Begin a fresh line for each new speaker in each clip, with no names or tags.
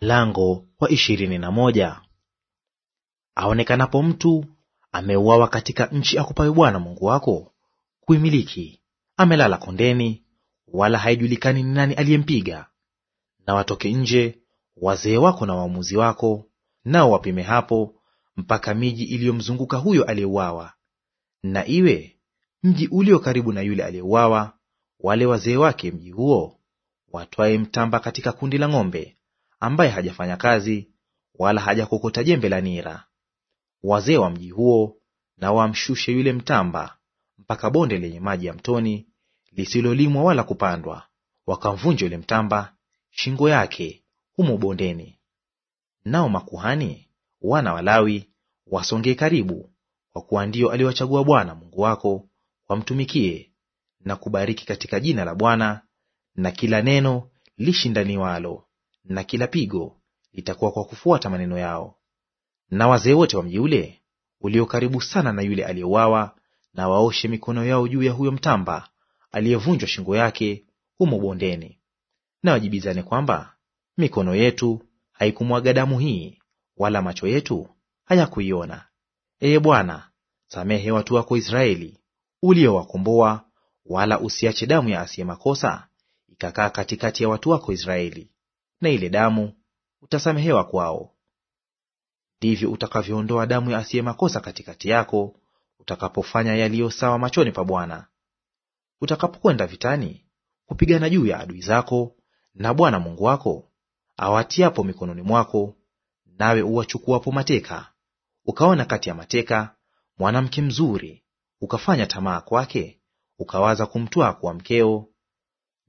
Lango wa ishirini na moja. Aonekanapo mtu ameuawa katika nchi akupayo Bwana Mungu wako kuimiliki, amelala kondeni, wala haijulikani ni nani aliyempiga. Na watoke nje wazee wako na waamuzi wako, nao wapime hapo mpaka miji iliyomzunguka huyo aliyeuawa, na iwe mji ulio karibu na yule aliyeuawa, wale wazee wake mji huo watwaye mtamba katika kundi la ng'ombe ambaye hajafanya kazi wala hajakokota jembe la nira. Wazee wa mji huo na wamshushe yule mtamba mpaka bonde lenye maji ya mtoni lisilolimwa wala kupandwa, wakamvunja yule mtamba shingo yake humo bondeni. Nao makuhani wana walawi wasongee karibu, kwa kuwa ndio aliwachagua Bwana Mungu wako wamtumikie na kubariki katika jina la Bwana na kila neno lishindaniwalo na kila pigo litakuwa kwa kufuata maneno yao. Na wazee wote wa mji ule ulio karibu sana na yule aliyeuawa, na waoshe mikono yao juu ya huyo mtamba aliyevunjwa shingo yake humo bondeni, na wajibizane kwamba mikono yetu haikumwaga damu hii, wala macho yetu hayakuiona. Ee Bwana, samehe watu wako Israeli uliowakomboa, wala usiache damu ya asiye makosa ikakaa katikati ya watu wako Israeli na ile damu utasamehewa kwao. Ndivyo utakavyoondoa damu ya asiye makosa katikati yako, utakapofanya yaliyo sawa machoni pa Bwana. Utakapokwenda vitani kupigana juu ya adui zako, na Bwana Mungu wako awatiapo mikononi mwako, nawe uwachukuapo mateka, ukaona kati ya mateka mwanamke mzuri, ukafanya tamaa kwake, ukawaza kumtwaa kuwa mkeo,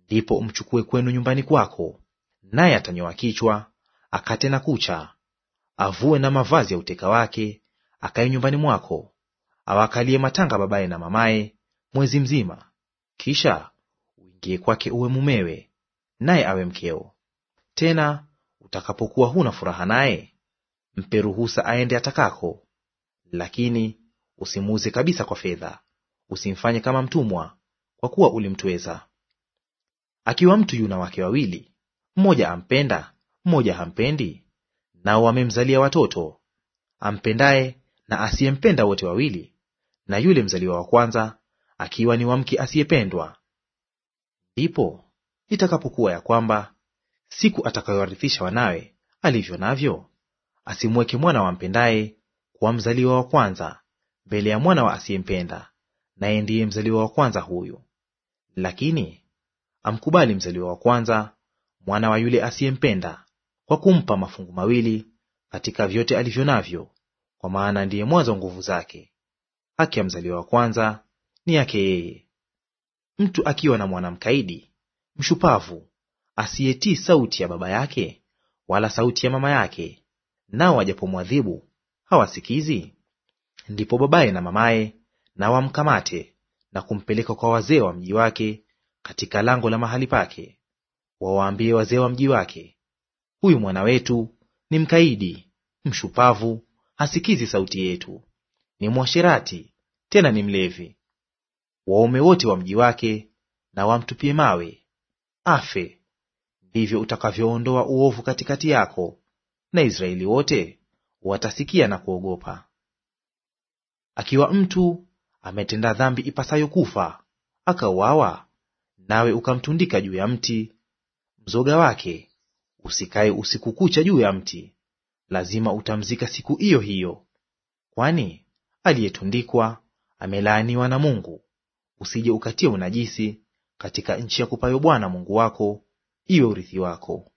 ndipo umchukue kwenu nyumbani kwako, naye atanyoa kichwa, akate na kucha, avue na mavazi ya uteka wake, akaye nyumbani mwako, awakalie matanga babaye na mamaye mwezi mzima, kisha uingie kwake uwe mumewe, naye awe mkeo. Tena utakapokuwa huna furaha naye, mpe ruhusa aende atakako, lakini usimuuze kabisa kwa fedha, usimfanye kama mtumwa, kwa kuwa ulimtweza. Akiwa mtu yuna wake wawili, mmoja ampenda, mmoja hampendi, nao wamemzalia watoto. Ampendaye na asiyempenda wote wawili, na yule mzaliwa wa kwanza akiwa ni wa mke asiyependwa. Ndipo itakapokuwa ya kwamba siku atakayowarithisha wanawe alivyo navyo, asimweke mwana wampendaye kuwa mzaliwa wa kwanza mbele ya mwana wa asiyempenda, naye ndiye mzaliwa wa kwanza huyu. Lakini amkubali mzaliwa wa kwanza mwana wa yule asiyempenda, kwa kumpa mafungu mawili katika vyote alivyo navyo, kwa maana ndiye mwanzo wa nguvu zake. Haki ya mzaliwa wa kwanza ni yake yeye. Mtu akiwa na mwana mkaidi mshupavu, asiyetii sauti ya baba yake wala sauti ya mama yake, nao wajapomwadhibu hawasikizi, ndipo babaye na mamaye na wamkamate na kumpeleka kwa wazee wa mji wake katika lango la mahali pake, wawaambie wazee wa mji wake, huyu mwana wetu ni mkaidi, mshupavu, hasikizi sauti yetu, ni mwasherati, tena ni mlevi. Waume wote wa mji wake na wamtupie mawe afe. Ndivyo utakavyoondoa uovu katikati yako, na Israeli wote watasikia na kuogopa. Akiwa mtu ametenda dhambi ipasayo kufa, akauawa, nawe ukamtundika juu ya mti mzoga wake usikae usiku kucha juu ya mti; lazima utamzika siku iyo hiyo. Kwani aliyetundikwa amelaaniwa na Mungu. Usije ukatie unajisi katika nchi ya kupayo Bwana Mungu wako iwe urithi wako.